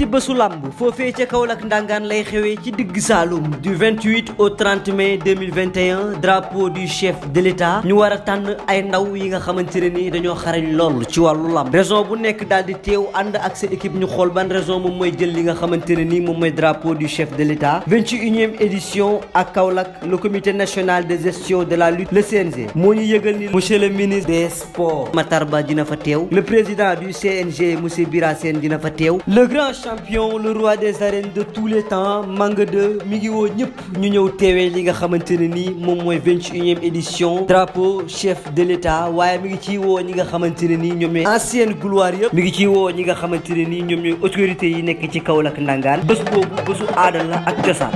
ñetti bésu làmb foofee ca Kaolack ndangaan lay xewee ci digg Saloum du 28 au 30 mai 2021 drapeau du chef de l'État ñu war a tànn ay ndaw yi nga xamante ne ni dañoo xarañ lool ci wàllu làmb raison bu nekk daal di teew ànd ak sa équipe ñu xool ban raison moom mooy jël li nga xamante ne ni moom mooy drapeau du chef de l'État 21e édition ak Kaolack le comité national de gestion de la lutte le CNG moo ñu yëgal ni monsieur le ministre des sports Matar Ba dina fa teew le président du CNG monsieur Bira Sène dina fa teew champion le roi des arènes de tous les temps Manga de mi ngi woo ñëpp ñu ñëw teewee li nga xamante ne nii moom mooy vingt et unième édition drapeau chef de l'état waaye mi ngi ciy woo ñi nga xamante ne nii ñoom ñooy ancienne gloire yëpp mi ngi ciy woo ñi nga xamante ne nii ñoom ñooy autorités yi nekk ci Kaolack ndangaan bés boobu bésu aada la ak cosaan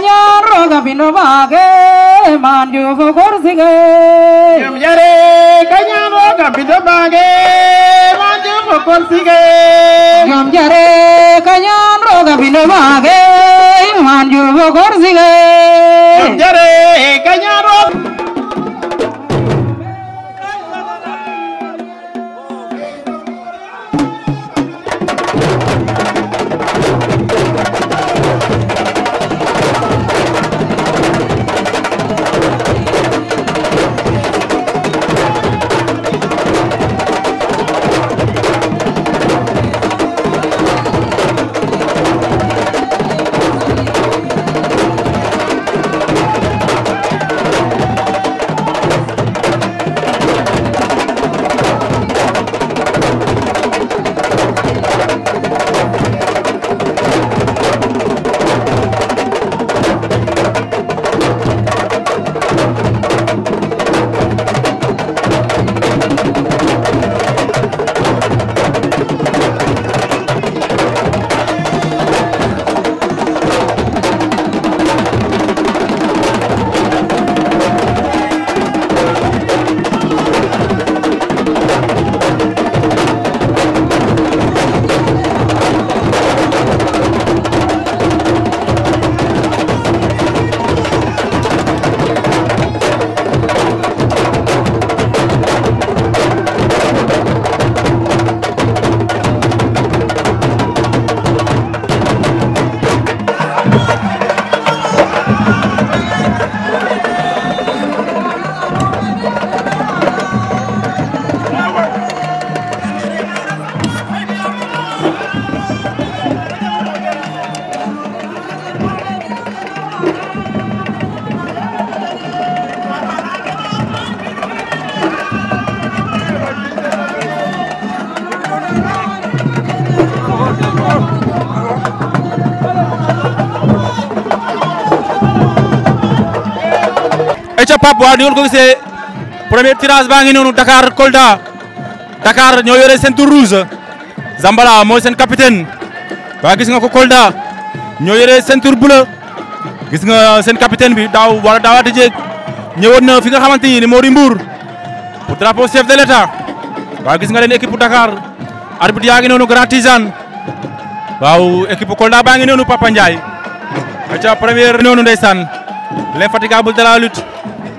Señor, roga mi no vague, mandio fogor sigue. Yum yare, caña roga mi no vague, mandio fogor sigue. Yum yare, caña roga mi no vague, mandio fogor sigue. Yum yare, ca Pape waaw ni ngeen ko gisee premier tirage baa ngi noonu Dakar Kolda Dakar ñoo yore seen tur rouge Zambala mooy seen capitaine waa gis nga ko Kolda ñoo yore seen bleu gis nga seen capitaine bi daaw wala daawaati jéeg ñëwoon fi nga xamante ni moo di Mbour pour drapeau chef de l'état waaw gis nga leen équipe Dakar arbitre yaa ngi noonu Grand Tizane waaw équipe Kolda baa ngi noonu Papa Ndiaye. aca première noonu ndeysaan l'infatigable de la lutte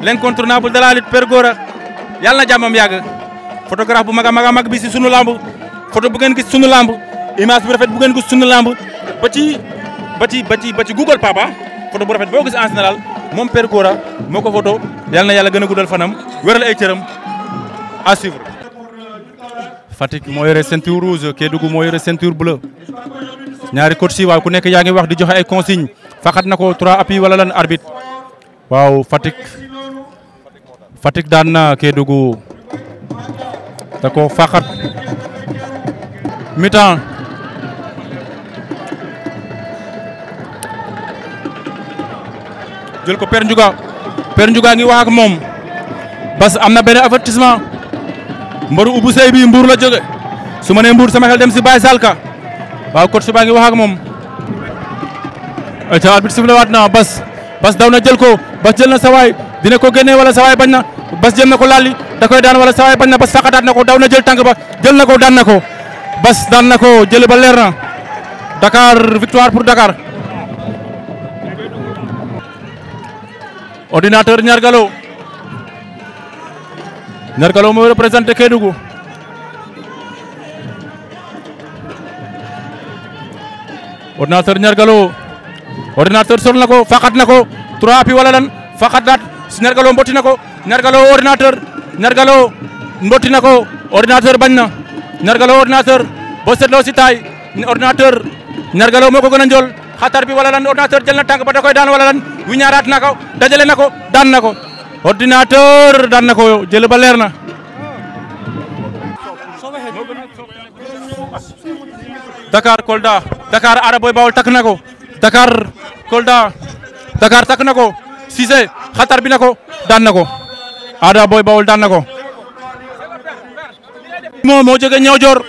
l'incontournable de la lutte Père Gora yàlla na jàmmam yàgg photographe bu mag a mag mag bi si sunu lamb photo bu ngeen gis sunu lamb image bu rafet bu ngeen gis sunu lamb ba ci ba ci ba ci ba ci Google Papa photo bu rafet boo gis en moom Père Gora moo ko photo yàlla na yàlla gën a guddal fanam wéral ay cëram à suivre. Fatick moo yore ceinture rouge Kédougou moo yore ceinture bleue ñaari coach yi waaw ku nekk yaa ngi wax di joxe ay consigne faxat na ko trois appuis wala lan arbitre waaw Fatick. Fatick daan na Kédougou da ko faxat mi ko Père Ndiouga Père Ndiouga ngi wax moom parce que am na benn avertissement mbaru ubbu sey bi mbuur la jóge su ma nee mbuur sama xel dem si Baye Salka waaw coach baa ngi wax ak moom ca arbitre sifflé waat na bas bas daw na jël ko bas jël na sawaay dina ko génnee wala sawaay bañ na bas jël na ko laalli da koy daan wala sawaay bañ na bas faqataat na ko daw na jël tànk ba jël na ko daan na ko bas daan na ko jël ba leer na Dakar victoire pour Dakar ordinateur Niar Galo Niar Galo mooy représenté Kédougou ordinateur ordinateur sol na ko faxat na ko trois appuis wala lan faxat naat Nergaloo mbotti na ko Nergaloo ordinateur Nergaloo mbotti na ko ordinateur bañ na Nergaloo ordinateur boo seetloo si taay ordinateur Nergaloo moo ko gën a njool xatar bi wala lan ordinateur jël na tànk ba koy daan wala lan wi ñaaraat na ko dajale na ko daan na ko ordinateur daan na ko jël ba leer na. Dakar Kolda Dakar Araboy Bawol takk na ko. Dakar Kolda Dakar takk na ko Cissé xatar bi na ko ko Ada Boy Baol daan na ko. moo jógee ñëw joor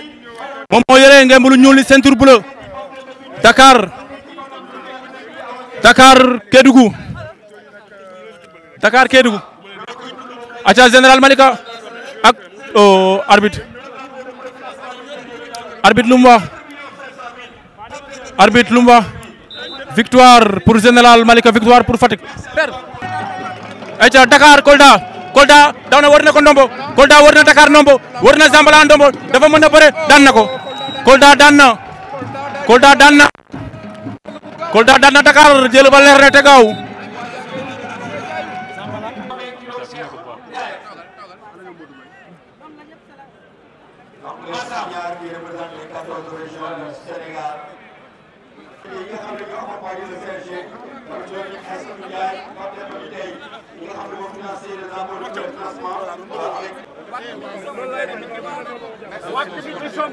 moom moo yore ngeen bulu ñuul li ceinture bleu Dakar Dakar Kédougou Dakar Kédougou aca général Malika oh, arbitre arbitre lu arbitre lu victoire pour général Malika victoire pour Fatick. ayca Dakar Kolda Kolda daw na war na ko ndombo Kolda war na Dakar ndombo war na Zambala ndombo dafa mën a bëre daan na ko Kolda daan na Kolda daan na. Kolda daan na Dakar jël ba leer na te gaaw. les yi nga xam ne ñoo accompagné le CNG ndax ñooñu Assane Ndiaye Fatou Ndiaye tey ñi nga xam ne moo financé les apports de financement avec. wàcc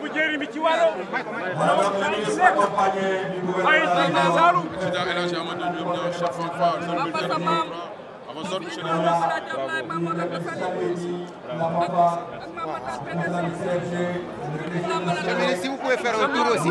bu njëriñ bi ci wàllu. maanaam ñu ngi accompagné du gouvernement. président El Hadj Amadou Diop ñëw chaque fois zone bi dëkk ñu avant zone monsieur le ministre. si vous pouvez faire un tour aussi.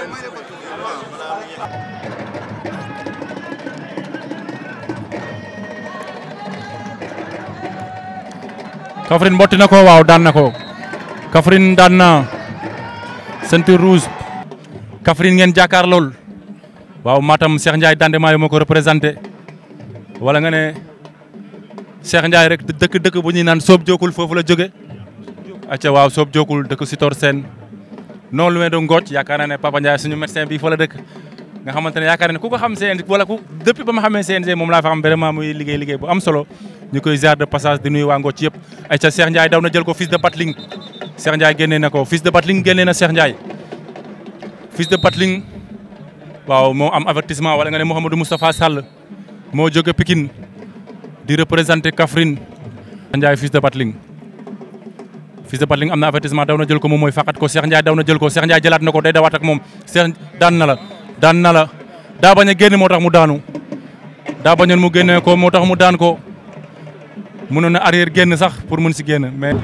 Kaffrine mbotti na ko waaw daan na ko kafrin daan na ceinture rouge Kaffrine ngeen jàkkaar lool waaw maatam Cheikh Ndiaye Dande Maayo moo ko représenté wala nga ne Cheikh Ndiaye rek dëkk dëkk bu ñuy naan soob jookul foofu la jóge acca waaw soob jookul dëkk Sitor Sène non loin de Ngothie yaakaar naa ne Papa Ndiaye suñu médecin bi fa la dëkk nga xamante ne yaakaar ne ku ko xam CNG wala ku depuis ba ma xamee CNG moom laa fa xam vraiment muy liggéey liggéey bu am solo ñu koy ziar de passage di nuyu waa Ngothie yëpp ay ca Cheikh Ndiaye daw na jël ko fils de Batling Cheikh Ndiaye génnee na ko fils de Batling génnee na Cheikh Ndiaye fils de Batling waaw moo am avertissement wala nga ne Mouhamadou Moustapha Sall moo joge Pikine di représenter Kaffrine Ndiaye fils de Batling Fils de Batling am na avertissement daw na jël ko moom mooy faqat ko Cheikh Ndiaye daw na jël ko Cheikh Ndiaye jëlaat na ko day dawaat moom Cheikh daan na la daan na la daa bañ a génn moo tax mu daanu daa bañoon mu génne ko moo tax mu daan ko mënoon na arrière génn sax pour mun si génn mais.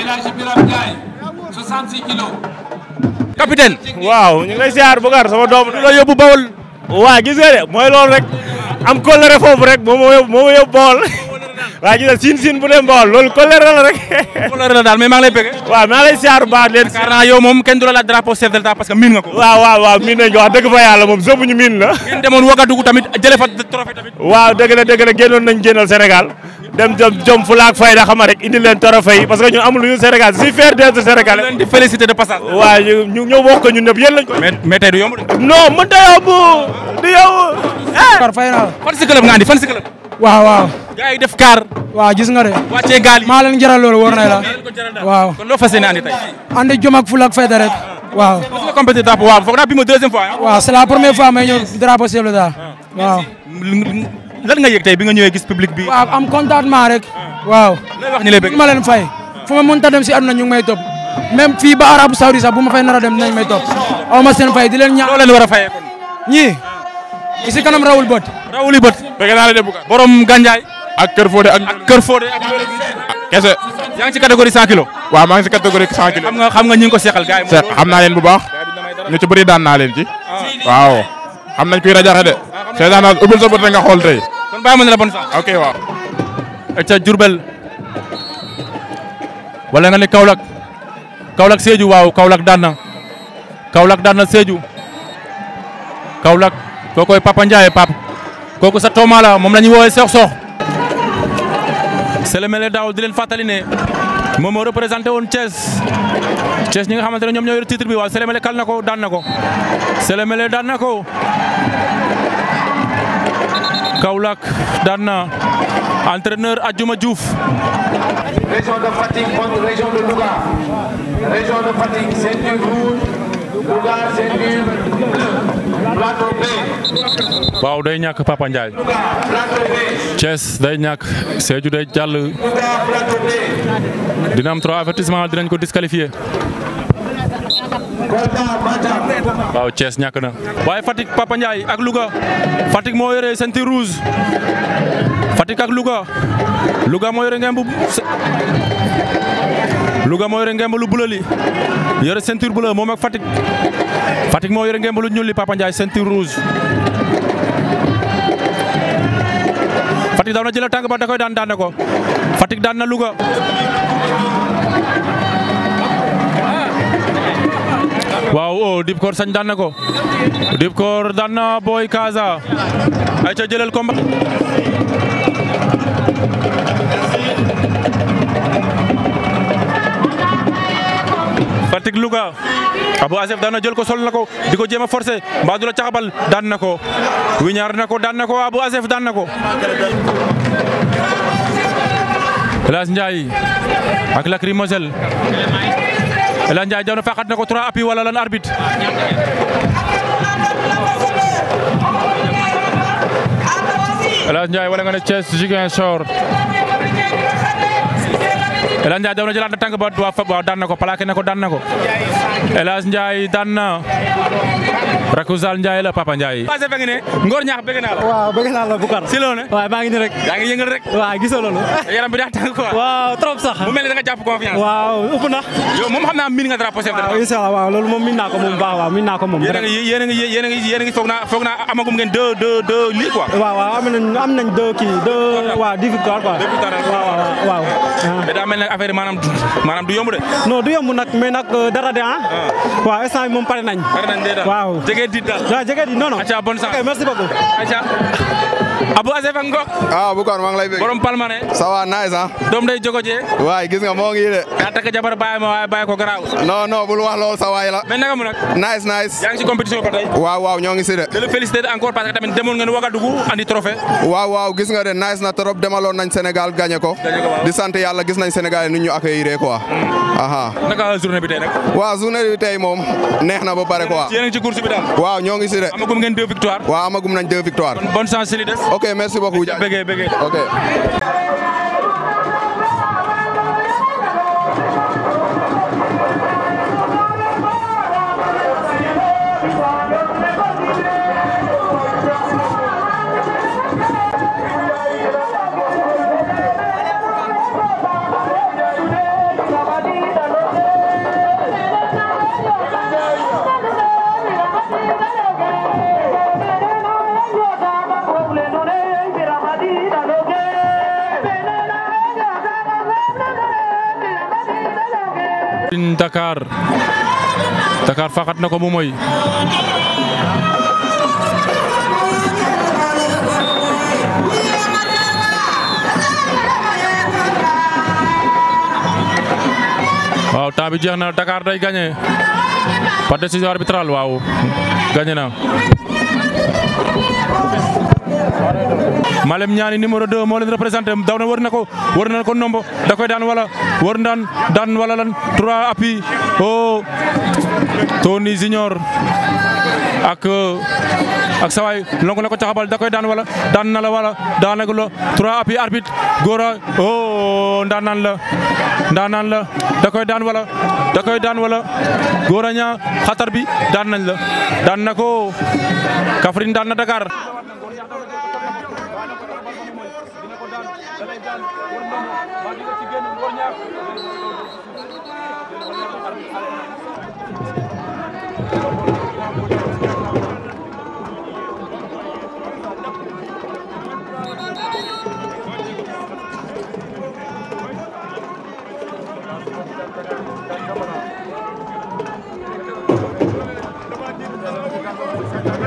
El Hadj Birame Ndiaye 66 kilos. capitaine. waaw ñu ngi lay ziar Bougar sama doom du la yóbbu Bawol. waa gis nga de mooy loolu rek am kóllëre foofu rek moom moo yóbbu moo ma yóbbu Bawol. waa gis nga siin siin bu dem Bawol loolu kóllëre la rek. kóllëre la daal mais maa ngi lay bëgg. waaw maa ngi lay ziar bu baax leen. carrément moom kenn du la la drapeau chef de l'État miin nga ko. waaw waaw waaw miin nañu ko wax fa yàlla moom sëb ñu miin la. ngeen demoon Ouagadougou tamit jëlee fa trophée tamit. waaw dëgg la dëgg la génnoon nañu Sénégal dem jëm jëm fulaak fayda xama rek indi leen trophée yi parce que ñun amul lu ñu Sénégal si fier d'être sénégalais. leen di de passage. waaw ñu ñu wax ko ñun ñëpp yéen lañ ko. mais mais tey du yomb a eh! nga de. wàccee jaral loolu war la. waaw kon loo fas yéene andi tey. andi jom lan nga yëg bi nga ñëwee gis public bi. waaw am contentement rek. waaw. lay wax ñu lay ma leen fay. fu ma mënta dem si àdduna ñu ngi may topp. même fii ba Arabie Saoudite sax bu ma fay nara a dem dinañ may topp. aw ma seen fay di leen ña loo leen war a fayee kon. ñii. si kanam rawul bët. rawul bët. bëgg naa la de Boucar. borom Gandiaye. ak Kër Fodé ak. ak Kër Fodé ak. kese. yaa ngi si catégorie 100 waaw maa ngi si catégorie 100 xam nga xam nga ñi ngi ko seqal gars yi. bu baax. ñu ci bëri daan naa leen ci. Ah. waaw xam nañ kuy rajaxe de seetaan naa ubbil sa bët nga xool tey. kon bàyyi ma ne la bonne chance. ok waaw. ca Diourbel wala nga ne Kaolack Kaolack Sédhiou waaw Kaolack daan na Kaolack daan na Sédhiou Kaolack kookoy Papa Ndiaye Pape kooku sa tooma la moom la ñuy woowee Sokh Sokh. Sëlëmele daaw di leen fàttali ne moom moo représenté woon Thiès Thiès ñi nga xamante ne ñoom ñoo yor titre bi waaw Sëlëmele kal na ko daan na ko Sëlëmele daan na ko. Kaolack daan na entraîneur Adjuma Diouf. waaw day ñàkk Papa Ndiaye. Thiès day ñàkk Sédhiou day jàll. dina am trois avertissement dinañ ko disqualifié. waaw Thiès ñàkk na waaye Fatick Papa Ndiaye ak Louga Fatick moo yore ceinture rouge Fatick ak Louga Louga moo yore ngemb Louga moo yore ngemb lu bleu li yore ceinture bleu moom ak Fatick Fatick moo yore ngemb lu ñuul li Papa Ndiaye ceinture rouge Fatick daaw na jëla tànk ba da daan daan ko Fatick daan na Louga waaw o oh, Dip Kor sañ daan ko Dip Kor daan na Boy ay ca jëlal combat Fatick Louga Abou Assef daan na jël ko sol na ko di ko jéem a forcé mbaa du la caxabal daan na ko wiñaar na ko daan na ko Abou Assef daan ko Lass Ndiaye ak Lacrymogène Elhadj Ndiaye Diawna faxat na ko trois appuis wala lan nga ne Thiès Ziguinchor Elhadj Ndiaye Diawna jëlaat na tànk ba waaw daan na ko plaqué ko daan ko Elhadj Ndiaye daan Rakouzal Ndiaye la Papa Ndiaye. passé fa nga ne Ngor ñaax bëgg naa la. waaw bëgg naa la Boucar. si loone waaw maa ngi nii rek. yaa ngi yëngal rek. waaw gisoo loolu. yaram bi daa tàng quoi. trop sax. bu mel ni da nga jàpp confiance. waaw ëpp na. yow moom xam naa miin nga drapeau chef de l'État. waaw incha allah waaw loolu moom miin naa ko moom baax waaw miin naa ko moom. yéen a ngi yéen a a a naa foog naa amagum ngeen lii quoi. waaw am nañ am nañ deux kii deux. waaw dix victoire quoi. waaw waaw ah. mais daa mel ne affaire maanaam du maanaam du yomb de. non du yomb nag mais euh, jege di daal. Ah, waaw jege di non non. acca bonne chance ok merci beaucoup. acca. Abou Assef ak Ngok. ah bu kon maa ngi lay bëgg. borom palmarin. ça va nice ah. doom day jogo jee. waay gis nga moo ngi de. daa jabar bàyyi ma waaye bàyyi ko garaaw. non non bul wax loolu sa waay la. mais naka mu waaw waaw ñoo ngi si de. encore parce tamit demaloon nañ Sénégal gagné ko. gagné ko waaw di sant yàlla gis nañ Sénégal nu ñu accueillir hmm. aha journée bi tey nag. waaw journée bi tey moom neex na ba pare quoi. a ngi ci course bi daal. waaw ñoo ngi si de. ngeen deux victoires. waaw amagum nañ deux victoires. ok merci beaucoup. ok. Dakar Dakar faxat na ko mu moy waaw temps bi jeex na Dakar day gagné par décision arbitrale waaw gagné na Malem Niani numéro 2 moo leen représenté daw na war na ko war na ko nombo da koy daan wala war daan daan wala lan 3 appui oh Tony Junior ak. ak sa waay lonku na ko caxabal da koy daan wala daan na la wala daanaka la trois appuis arbitre góor a oh daan naan la daan naan la da koy daan wala da koy daan wala góor a ñaa xatar bi daan nañ la daan na ko Kaffrine daan na Dakar.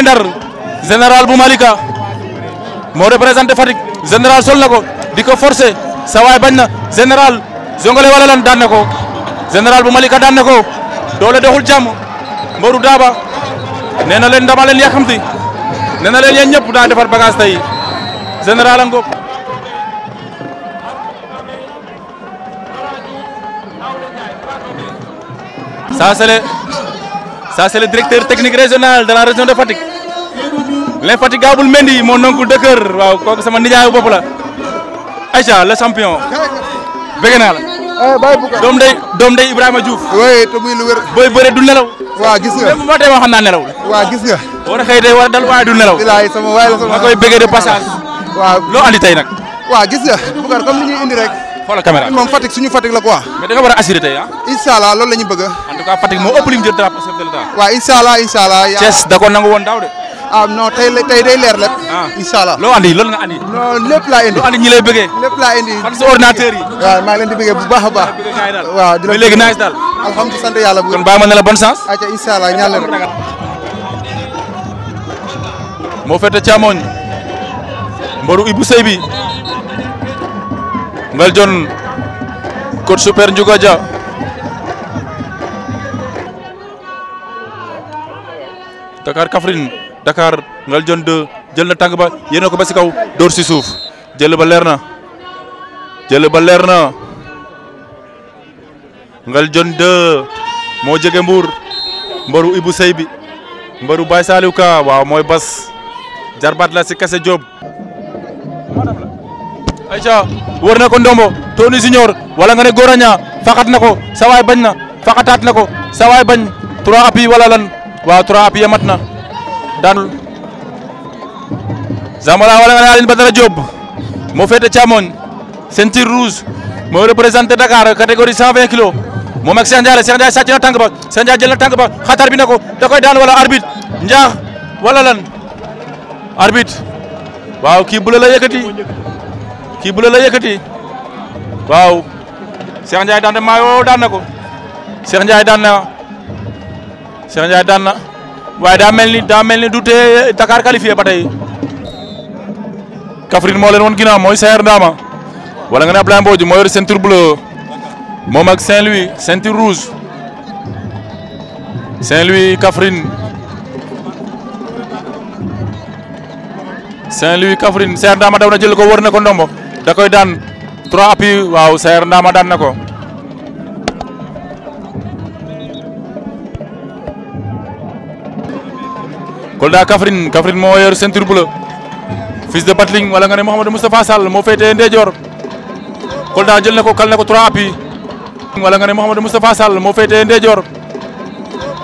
génne Ndar général bu Malika moo représenté Fatick général sol na ko di ko forcé sa waay bañ na général zongale wala lan daan na ko général bu Malika daan na ko doole doxul jàmm mboru daaba nee leen dama leen yàkkamti nee leen yéen ñëpp daa defar bagage tey général Ngop l'infatigable Mendy mon oncle de cœur waaw kooku sama nijaayu bopp la Aïcha le champion bëgg naa la. Eh, bàyyi bu doom day doom day Ibrahima Diouf. oui bëre du nelaw. waaw gis ma xam nelaw. gis nga. war a xëy war a dal waaye du nelaw. bilaay sama koy bëggee de passage. waaw loo andi tey nag. waaw gis nga. Boucar comme ni ñuy indi rek. xoolal caméra bi moom Fatick la quoi. mais da nga a assurer tey ah. incha allah nangu woon daaw de. ah non tey tey day leer lépp. Ah. incha allah loo andi loolu nga andi. non lépp laa indi. loo andi ñi lay bëggee. lépp laa indi. fan sa ordinateur yi. waaw maa ngi leen di bëggee bu baax a baax. waaw di la léegi naaj daal. alhamdulilah sant yàlla bu. kon bàyyi ma ne la bonne chance. ayca incha allah ñaan leen rek. moo fete càmmoñ. mbaru Ibou Sey bi. Ngel John. coach super Ndiouga Dia. Dakar Kaffrine. Dakar Ngaljon 2 jël na tàng ba yéene ko ba si kaw dóor si suuf jël ba leer na jël ba leer na Ngaljon 2 moo jege Mbour mbaru Ibou Sey bi mbaru Baye Saliou Ka waaw mooy bas jarbaat la si Kase Diop. Aïcha wër na ko ndombo Tony Junior wala nga ne Goraña faxat na ko sawaay bañ na faxataat na ko sawaay bañ trois appuis wala lan waaw trois appuis yamat na. daanul Zambala wala nga ne Alioune Badara Diop moo féete càmmoñ ceinture rouge moo représenté Dakar catégorie 120 kilos moom ak Cheikh Ndiaye Cheikh Ndiaye sàcc na tànk ba Cheikh Ndiaye jël na tànk ba xatar bi ko da daan wala arbitre njaax wala lan arbitre waaw kii bu la la kii bu la la waaw Cheikh Ndiaye daan na maayoo daan na ko Cheikh Ndiaye daan na Cheikh Ndiaye daan na. waaye daa mel ni daa mel ni du tee Dakar qualifié ba tey Kaffrine moo leen woon ginnaaw mooy Saër Ndama wala nga ne Ablaye Mbodj moo yor ceinture bleue moom ak Saint-Louis ceinture rouge Saint-Louis Kaffrine Saint-Louis Kaffrine Saër Ndama daw na jël ko wër na ko ndombo da koy daan trois appuis waaw Saër Ndama daan na ko. Kolda Kaffrine Kaffrine moo yor ceinture bleue fils de Batling wala nga ne Mouhamadou Moustapha Sall moo féetee ndeyjoor Kolda jël na ko kal na ko trois wala nga ne Mouhamadou Moustapha Sall moo féetee ndeyjoor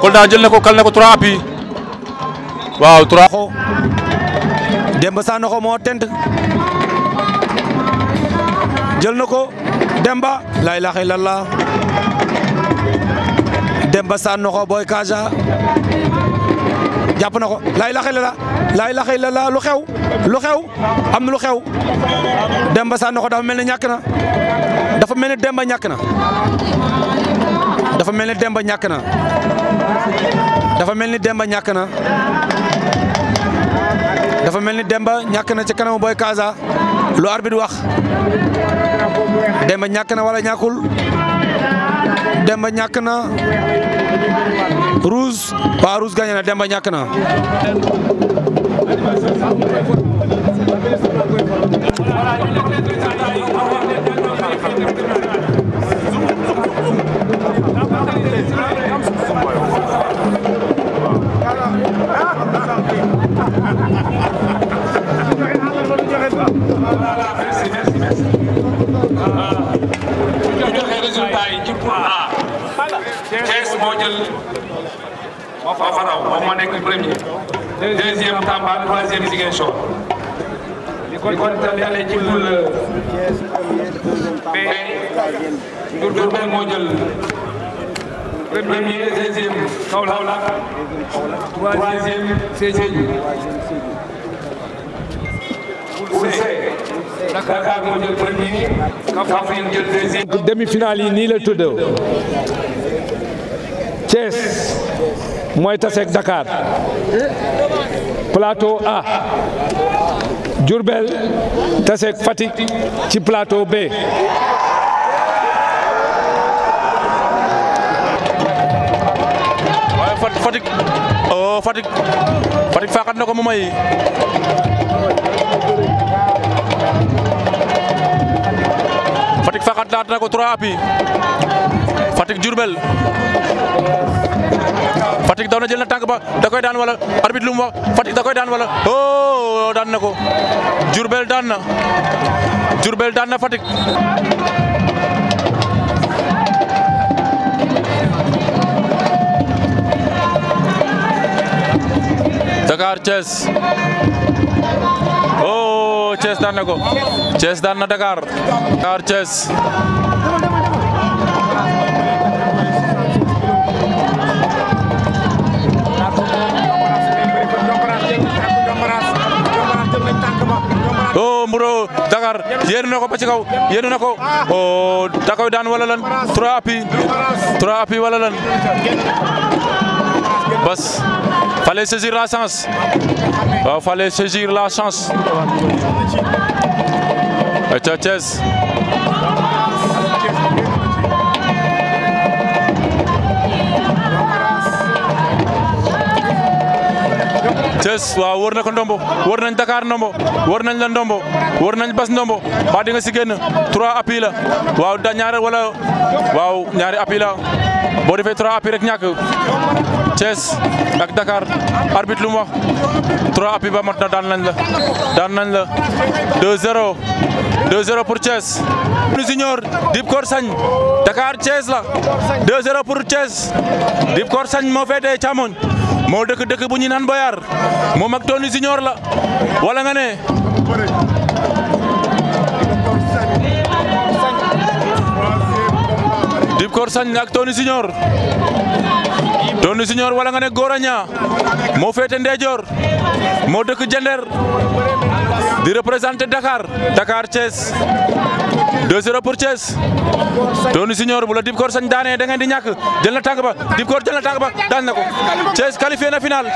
Kolda jël na ko kal na ko waaw trois. Demba Sanoxo moo tent jël Demba. laa ilaaha illallaah Demba Sanoxo boy Kaja. jàpp na ko lay laxay la la laay la la lu xew lu xew am na lu xew Demba sànni ko dafa mel ne ñàkk na dafa mel ne Demba ñàkk na dafa mel ne Demba ñàkk na dafa mel ni Demba ñàkk na dafa mel ni Demba ñàkk na ci kanamu Boy Kaza lu arbitre Demba ñàkk na walla ñàkkul Demba ñàkk na Rouge waaw Rouge gagné Demba ñàkk Thiès moo jël moo fa raw moom moo nekk premier deuxième Tamba troisième Ziguinchor. li ko dalee ci poule B Diourbel moo jël premier deuxième Kaolack troisième Sédhiou poule C Dakar moo jël premier demi-finale nii la tuddoo Thiès mooy taseeg Dakar plateau A Diourbel taseeg Fatick ci plateau B daan na ko trois appuis Fatick Diourbel Fatick daw na jël na tànk ba da koy daan wala arbitre lu mu wax Fatick da koy daan wala oh daan na ko Diourbel daan na Diourbel daan na Fatick Dakar Thiès oh Thiès daan na ko Thiès daan na Dakar Dakar Thiès. Oh, na ko ba ci kaw yéenu na ko oh da koy daan wala lan trois appuis trois appuis wala lan bas. fallait saisir la chance waaw fallait saisir la chance aca Thiès wër na ko ndombo wër nañ Dakar ndombo wër nañ la ndombo wër nañ bas ndombo ba di nga si génn trois appui la waaw da ñaari wala waaw ñaari appui la boo defee trois appui rek Thiès ak Dakar arbitre lu mu wax 3 ba mat daan nañ la daan nañ la 2-0 2-0 pour Thiès. junior Dip Kor Sagne Dakar Thiès la 2-0 pour Thiès Dip Kor Sagne moo féetee càmmoñ moo dëkk dëkk bu ñu naan Boyar moom ak Tony junior la wala nga ne. Dip Kor Sagne ak Tony junior. Tony Junior wala nga ne Gora Niang moo féete Ndeyjoor moo dëkk Jender di représenté Dakar Dakar Thiès 2-0 pour Thiès Tony Junior bu la sañ daanee da ngeen di ñàkk jël na tàng ba Dibkor jël na tàng ba daan na ko Thiès qualifié na final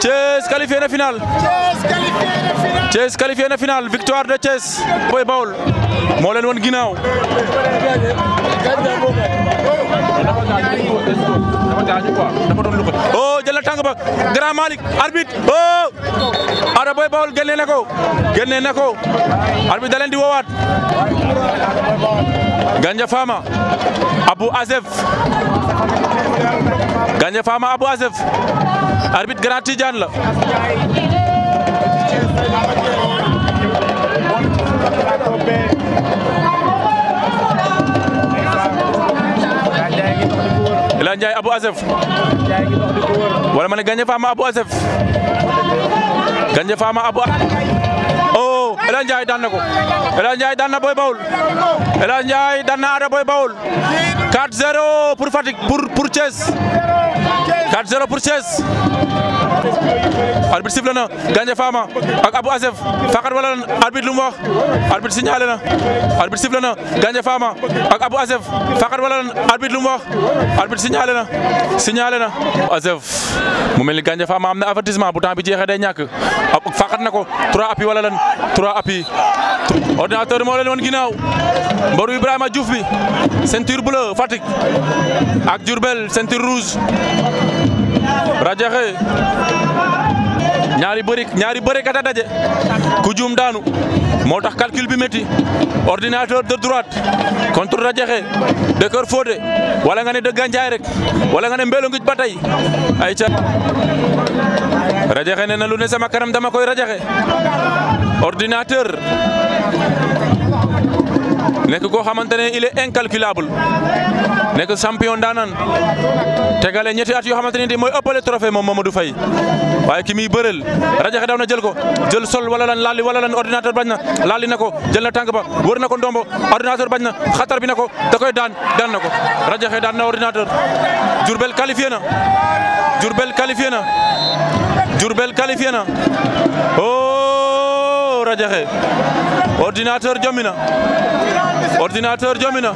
Thiès qualifié na final victoire de Thiès boy ginnaaw gaañu quoi dafa doon lu ko oh ba grand Malick arbitre oh Ada Boy Baol génne na ko génne na ko arbitre di woowaat Gandia Fama Abou Azef Gandia grand Tidiane la Bilal Ndiaye Abou Assef wala ma ne Gandia Fama Abou Assef Gandia Fama Abou oh El Hadj Ndiaye daan na ko El Boy Baol El Hadj Ndiaye daan na Ada Boy Baol 4-0 pour Fatick pour pour Thiès 4-0 pour Thiès. arbitre sifflé na Gandia wala arbitre lu mu wax arbitre signalé na arbitre sifflé mu wax arbitre signalé na signalé na Assef mu mel ni Gandia Fama am na avertissement bu wala lan 3 appui ordinateur moo leen woon ginnaaw mbaru Ibrahima Diouf bi ceinture bleue Fatick ak Diourbel ceinture rouge Radiakhé ñaari bëri ñaari bëri kat a daje ku daanu moo tax calcul bi métti ordinateur de droit contre Radiakhé de foode wala nga ne de Gandiaye rek wala nga ne Mbélo Ngouth ba tey ay ca Radiakhé nee na lu ne sama karam dama koy rajaxe ordinateur nekk koo xamante ne il nekk champion daanan tegale ñetti at yoo xamante ne mooy ëppale trophée moom moom du Faye waaye ki mii bëreel rajaxe daw na jël ko jël sol wala lan laali wala lan ordinateur bañ na laali na ko jël na tànk ba wër na ko ndombo ordinateur bañ na xatar bi na ko da koy daan daan na ko rajaxe daan na ordinateur Diourbel qualifié na Diourbel qualifié na Diourbel na oh rajaxe ordinateur jommi na ordinateur jomi na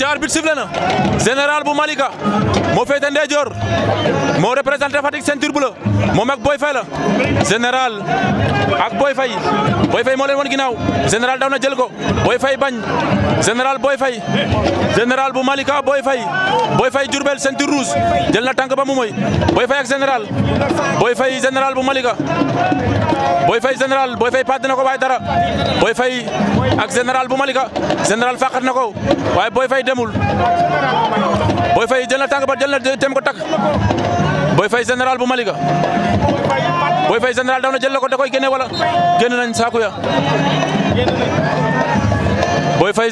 ci arbitre sifflé na général bu Malika moo féete ndeyjoor moo représenté Fatick ceinture bleue moom ak Boy Faye la général ak Boy Faye Boy Faye moo leen woon ginnaaw général daw na jël ko Boy Faye bañ général Boy Faye général bu Malika Boy Faye Boy Faye Diourbel ceinture rouge jël na tànk ba mu moy Boy Faye ak général Boy Faye général bu Malika Boy général Boy Faye pàdd na ko waaye dara Boy Faye ak général bu Malika général laqat na ko waaye Boy demul Boy Faye jël na tànk ba ko takk Boy Faye bu Malika Boy Faye général daw na jël ko da koy génne wala génn nañ saaku ya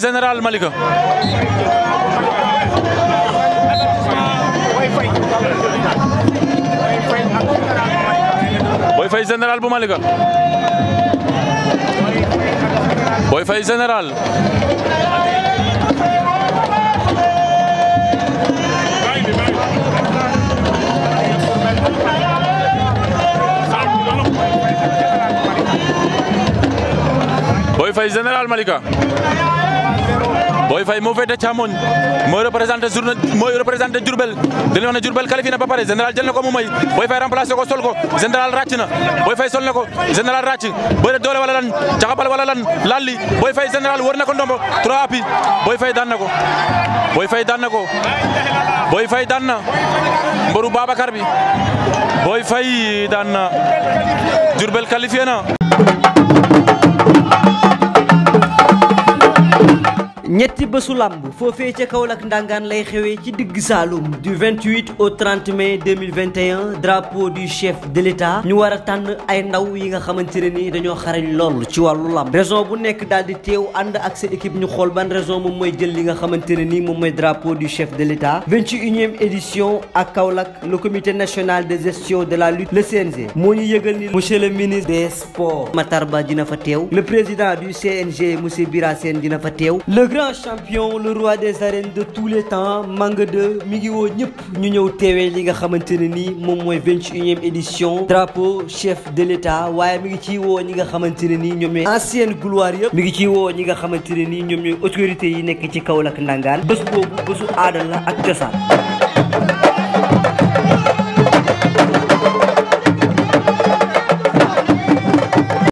général Malika Boy Faye général bu Malika Boy Faye Général Boy Faye Malika Boy Faye moo féete càmmoñ mooy représenté journée mooy représenté Diourbel dañuy wax ne Diourbel qualifié na ba pare général jël ko mu may Boy Faye remplacé ko sol ko général ràcc na Boy Faye sol na ko général ràcc bëre doole wala lan caxabal wala lan lalli Boy Faye général wër na ko ndombo trois appuis Boy Faye daan na ko Boy Faye daan na ko Boy Faye daan na mboru Babacar bi Boy Faye daan ñetti bésu làmb foofee ca Kaolack ndangaan lay xewee ci digg Saloum du 28 au 30 mai 2021 drapeau du chef de l'État ñu war a tànn ay ndaw yi nga xamante ne ni dañoo xarañ lool ci wàllu làmb raison bu nekk daal di teew ànd ak sa équipe ñu xool ban raison moom mooy jël li nga xamante ne ni moom mooy drapeau du chef de l'État 21e édition ak Kaolack la comité national de gestion de la lutte le CNG moo ñu yëgal ni monsieur le ministre des sports Matar Ba dina fa teew le président du CNG monsieur Bira Sène dina fa teew grand champion le roi des arènes de tous les temps Manga de mi ngi woo ñëpp ñu ñëw teewee li nga xamante ne nii moom mooy vingt et unième édition drapeau chef de l'état waaye mi ngi ciy woo ñi nga xamante ne nii ñoom ñooy ancienne gloire yëpp mi ngi ciy woo ñi nga xamante ne nii ñoom ñooy autorités yi nekk ci Kaolack ndangaan bés boobu bésu aada la ak cosaan